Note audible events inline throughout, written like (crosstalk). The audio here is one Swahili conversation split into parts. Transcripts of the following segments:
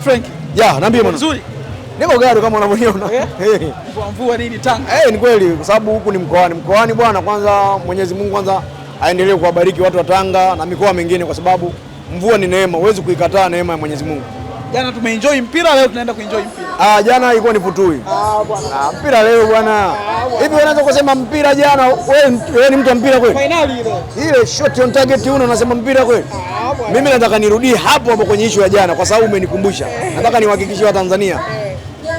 Frank. Ya, niambie mwana. Nzuri. Niko gari kama unavyoniona. Eh? (laughs) Kwa mvua nini Tanga? Eh, ni kweli kwa sababu huku ni mkoani. Mkoani bwana, kwanza Mwenyezi Mungu kwanza aendelee kuwabariki watu wa Tanga na mikoa mingine kwa sababu mvua ni neema, huwezi kuikataa neema ya Mwenyezi Mungu. Jana tumeenjoy mpira, leo tunaenda kuenjoy mpira. Ah, jana ilikuwa ni futui. Ah, bwana. Ah, mpira leo bwana. Ah, Hivi unaanza kusema mpira jana, wewe ni mtu wa mpira kweli? Finali ile. Ile shot on target una unasema mpira kweli? Ah. Mimi nataka nirudie hapo hapo kwenye ishu ya jana, kwa sababu umenikumbusha. Nataka niwahakikishie Watanzania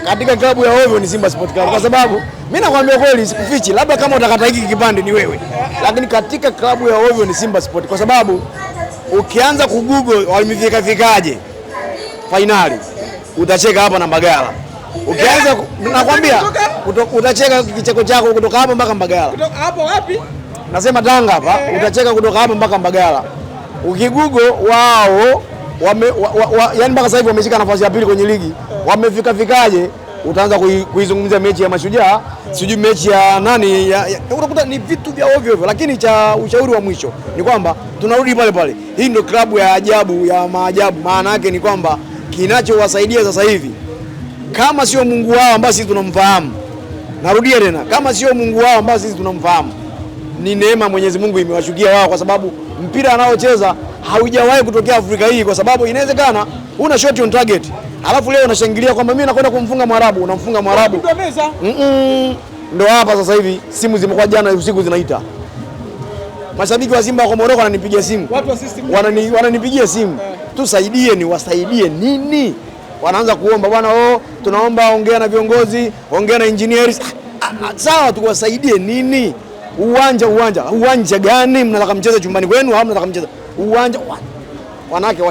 katika klabu ya ovyo ni Simba Sport Club, kwa sababu mimi nakwambia kweli, sikufichi, labda kama utakata hiki kipande ni wewe, lakini katika klabu ya ovyo ni Simba Sport, kwa sababu ukianza kugoogle walimefikafikaje fainali utacheka hapa na Mbagala. Ukianza nakwambia utacheka kicheko chako kutoka hapa mpaka Mbagala. Kutoka hapo wapi? Nasema Tanga hapa, utacheka kutoka hapa mpaka Mbagala ukigugo wao wame, wa, wa, wa, yani mpaka sasa hivi wameshika nafasi ya pili kwenye ligi, wamefika fikaje? Utaanza kuizungumzia mechi ya Mashujaa, sijui mechi ya nani ya, ya, unakuta ni vitu vya ovyo ovyo, lakini cha ushauri wa mwisho ni kwamba tunarudi pale pale, hii ndio klabu ya ajabu ya maajabu. Maana yake ni kwamba kinachowasaidia sasa hivi kama sio Mungu wao ambao sisi tunamfahamu, narudia tena, kama sio Mungu wao ambao sisi tunamfahamu ni neema Mwenyezi Mungu imewashukia wao, kwa sababu mpira anaocheza haujawahi kutokea Afrika hii, kwa sababu inawezekana una shot on target, alafu leo unashangilia kwamba mimi nakwenda kumfunga Mwarabu, unamfunga Mwarabu mm -mm. Ndo hapa sasa hivi simu zimekuwa jana usiku zinaita, mashabiki wa Simba wa Moroko wananipigia simu, wananipigia simu eh. tusaidie, ni wasaidie nini? Wanaanza kuomba bwana, oh, tunaomba ongea na viongozi, ongea na engineers. Ah, ah, ah, sawa, tuwasaidie nini? uwanja uwanja uwanja gani mnataka mcheze chumbani kwenu au mnataka mcheze uwanja? Wanawake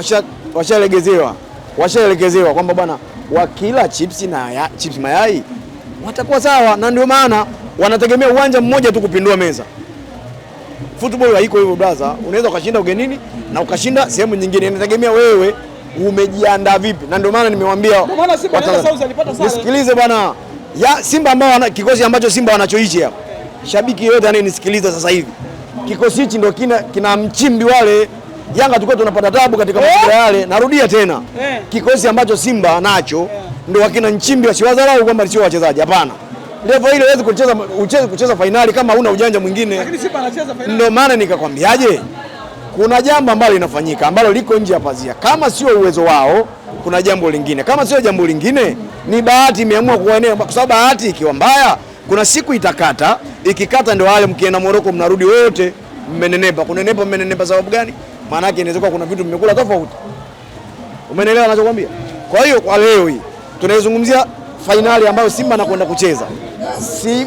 washaelekezewa washaelekezewa kwamba bwana, wakila chipsi na ya, chipsi mayai watakuwa sawa, na ndio maana wanategemea uwanja mmoja tu kupindua meza. Football haiko hivyo brother, unaweza ukashinda ugenini na ukashinda sehemu nyingine, inategemea wewe umejiandaa vipi, na ndio maana nimewambia nisikilize bwana ya Simba ambao kikosi ambacho Simba wanachoishi hapa shabiki yote anayenisikiliza sasa hivi, kikosi hichi ndio kina, kina mchimbi wale Yanga tulikuwa tunapata tabu katika mazingira eh? yale. Narudia tena, eh. kikosi ambacho Simba nacho ndio wakina Nchimbi, wasiwadharau kwamba sio wachezaji, hapana. Level ile huwezi kucheza ucheze kucheza fainali kama una ujanja mwingine, lakini Simba anacheza fainali. Ndio maana nikakwambiaje, kuna jambo ambalo linafanyika ambalo liko nje ya pazia. Kama sio uwezo wao, kuna jambo lingine. Kama sio jambo lingine, ni bahati imeamua kuwaenea, kwa sababu bahati ikiwa mbaya kuna siku itakata, ikikata ndio wale mkienda Moroko mnarudi wote mmenenepa. Kunenepa mmenenepa sababu gani? Maana yake inaweza kuna vitu mmekula tofauti. Umeelewa ninachokwambia? Kwa hiyo kwa leo hii tunaizungumzia fainali ambayo Simba anakwenda kucheza.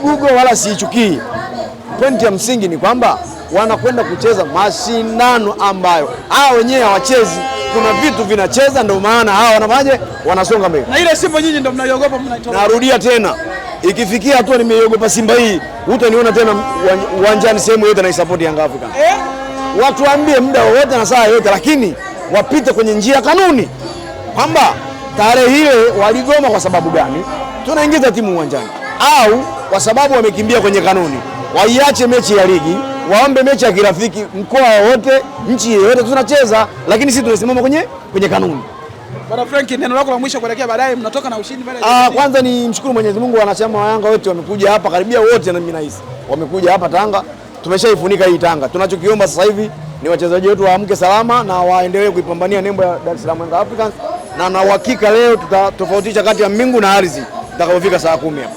gugo wala siichukii. Pointi ya msingi ni kwamba wanakwenda kucheza mashindano ambayo hawa wenyewe hawachezi. Kuna vitu vinacheza, ndio maana hawa wanafanyaje, wanasonga mbele. Na ile Simba nyinyi ndio mnaiogopa, mnaitoa. Narudia tena ikifikia hatua nimeiogopa Simba hii, hutaniona tena uwanjani sehemu yote naisapoti Yanga Africa Eh? Watu waambie muda wowote na saa yote, lakini wapite kwenye njia kanuni kwamba tarehe hiyo waligoma kwa sababu gani, tunaingiza timu uwanjani, au kwa sababu wamekimbia kwenye kanuni. Waiache mechi ya ligi, waombe mechi ya kirafiki, mkoa wowote, nchi yeyote tunacheza, lakini sisi tunasimama kwenye, kwenye kanuni. Bwana Frank, neno lako la mwisho kuelekea baadaye, mnatoka na ushindi pale. Ah, kwanza ni mshukuru Mwenyezi Mungu, wanachama wa Yanga wote wamekuja hapa, karibia wote, na mimi nahisi wamekuja hapa Tanga. Tumeshaifunika hii Tanga. Tunachokiomba sasa hivi ni wachezaji wetu waamke salama na waendelee kuipambania nembo ya Dar es Salaam Africans, na na uhakika leo tutatofautisha kati ya mbingu na ardhi itakapofika saa kumi hapa.